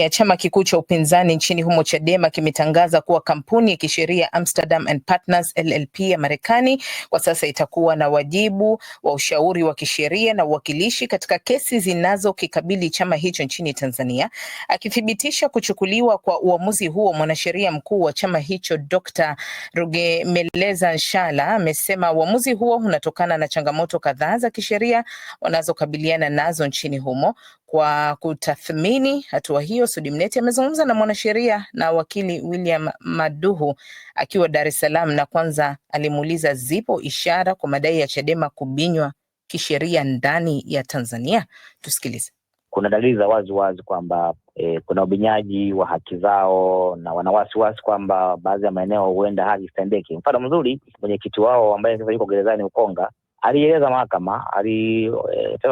ya chama kikuu cha upinzani nchini humo Chadema kimetangaza kuwa kampuni ya kisheria Amsterdam and Partners LLP ya Marekani kwa sasa itakuwa na wajibu wa ushauri wa kisheria na uwakilishi katika kesi zinazokikabili chama hicho nchini Tanzania. Akithibitisha kuchukuliwa kwa uamuzi huo, mwanasheria mkuu wa chama hicho Dr. Rugemeleza Nshala amesema uamuzi huo unatokana na changamoto kadhaa za kisheria wanazokabiliana nazo nchini humo. Kwa kutathmini hatua hiyo Masudi Mneti amezungumza na mwanasheria na wakili William Maduhu akiwa Dar es Salaam, na kwanza alimuuliza zipo ishara kwa madai ya Chadema kubinywa kisheria ndani ya Tanzania. Tusikilize. Kuna dalili za wazi wazi kwamba e, kuna ubinyaji wa haki zao na wana wasiwasi kwamba baadhi ya maeneo huenda haki sitendeki. Mfano mzuri mwenyekiti wao ambaye sasa yuko gerezani Ukonga alieleza mahakama alisema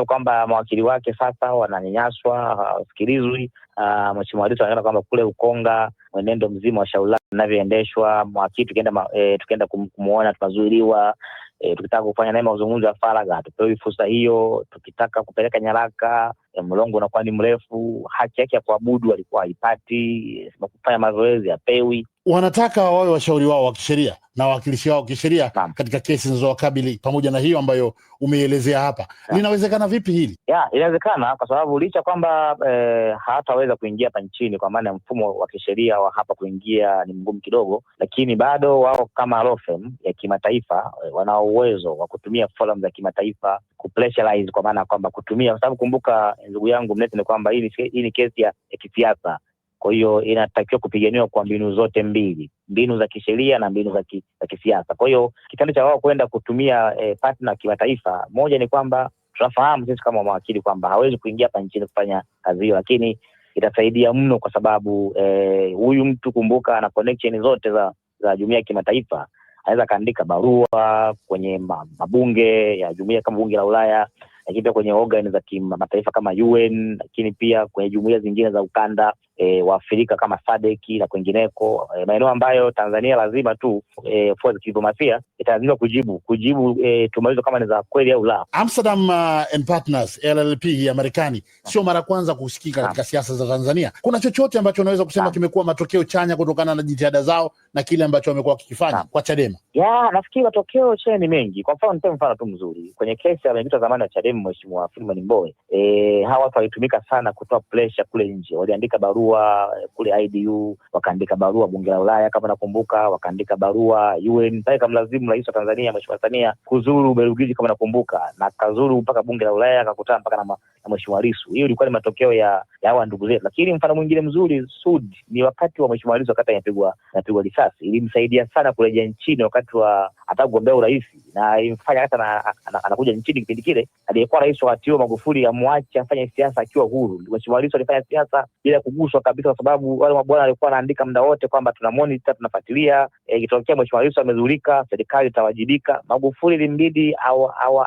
eh, kwamba mawakili wake sasa wananyanyaswa, hawasikilizwi. Uh, Mheshimiwa Lissu anaona kwamba kule Ukonga mwenendo mzima wa shauri inavyoendeshwa, mawakili tukienda e, tukienda kumwona tunazuiliwa. E, eh, tukitaka kufanya naye mazungumzo ya faragha hatupewi fursa hiyo, tukitaka kupeleka nyaraka mlongo unakuwa ni mrefu, haki yake ya kuabudu alikuwa haipati, kufanya mazoezi apewi. Wanataka wawe washauri wao wa kisheria na wawakilishi wao kisheria katika kesi zinazowakabili pamoja na hiyo ambayo umeielezea hapa. Linawezekana vipi hili? Ya, inawezekana kwa sababu licha kwamba e, eh, hawataweza kuingia hapa nchini, kwa maana ya mfumo wa kisheria wa hapa kuingia ni mgumu kidogo, lakini bado wao kama Law Firm ya kimataifa eh, wanao uwezo wa kutumia forum za kimataifa kupressurize kwa maana ya kwamba kutumia, kwa sababu kumbuka, ndugu yangu Mnete, ni kwamba hii ni kesi ya kisiasa. Kwa hiyo inatakiwa kupiganiwa kwa mbinu zote mbili, mbinu za kisheria na mbinu za, ki, za kisiasa. Kwa hiyo kitendo cha wao kwenda kutumia eh, partner kimataifa, moja ni kwamba tunafahamu sisi kama mawakili kwamba hawezi kuingia hapa nchini kufanya kazi hiyo, lakini itasaidia mno kwa sababu eh, huyu eh, mtu kumbuka, ana connection zote za za jumuiya ya kimataifa anaweza akaandika barua kwenye mabunge ya jumuia kama bunge la Ulaya, lakini pia kwenye organ za kimataifa kama UN, lakini pia kwenye jumuia zingine za ukanda e, wa Afrika kama SADC na kwingineko e, maeneo ambayo Tanzania lazima tu e, fua za kidiplomasia italazimika kujibu kujibu e, tuma hizo kama ni za kweli au la. Amsterdam uh, and Partners LLP ya Marekani sio mara kwanza kusikika katika siasa za Tanzania. Kuna chochote ambacho unaweza kusema kimekuwa matokeo chanya kutokana na jitihada zao na kile ambacho wamekuwa wakikifanya kwa Chadema. Ya, nafikiri matokeo che ni mengi. Kwa mfano, nitoe mfano tu mzuri kwenye kesi ya mwenyekiti wa zamani wa Chadema Mheshimiwa Freeman Mbowe. E, hawa watu walitumika sana kutoa pressure kule nje, waliandika barua e, kule IDU, wakaandika barua bunge la Ulaya kama nakumbuka, wakaandika barua UN mpaka kamlazimu rais wa Tanzania Mheshimiwa Samia kuzuru berugiji kama nakumbuka, na kazuru mpaka bunge la Ulaya akakutana mpaka na na Mheshimiwa Lissu. Hiyo ilikuwa ni matokeo ya hawa ndugu zetu, lakini mfano mwingine mzuri Sud ni wakati wa Mheshimiwa Lissu, wakati anapigwa anapigwa risasi, ilimsaidia sana kurejea nchini wakati wa hata kugombea urais, na ilimfanya hata anakuja nchini kipindi kile. Aliyekuwa rais wakati huo Magufuli amwache afanye siasa akiwa huru. Mheshimiwa Lissu alifanya siasa bila kuguswa kabisa, kwa sababu wale mabwana walikuwa wanaandika muda wote kwamba tuna monitor, tunafuatilia e, ikitokea e, Mheshimiwa Lissu amezulika, serikali itawajibika. Magufuli ilimbidi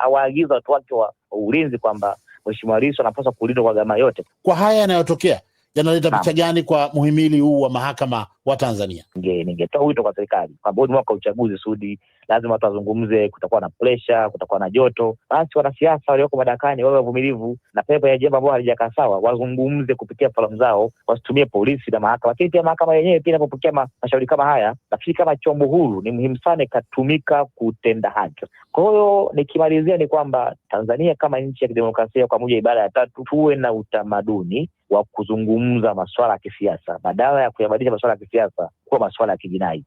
awaagiza watu wake wa ulinzi kwamba Mheshimiwa Rais anapaswa kulindwa kwa gharama yote. Kwa haya yanayotokea yanaleta picha gani kwa muhimili huu wa mahakama wa Tanzania. Ningetoa wito kwa serikali kwamba ni mwaka uchaguzi Sudi, lazima watu wazungumze. Kutakuwa na presha, kutakuwa na joto, basi wanasiasa walioko madarakani wawe wavumilivu na pepo ya jambo ambao halijakaa sawa, wazungumze kupitia forum zao, wasitumie polisi na mahakama. Lakini pia mahakama yenyewe pia inapopokea mashauri kama haya, nafikiri kama chombo huru ni muhimu sana ikatumika kutenda haki. Kwa hiyo nikimalizia ni kwamba Tanzania kama nchi ya kidemokrasia kwa mujibu wa ibara ya tatu, tuwe na utamaduni wa kuzungumza masuala ya kisiasa badala ya kuyabadilisha masuala ya kisiasa kuwa masuala ya kijinai.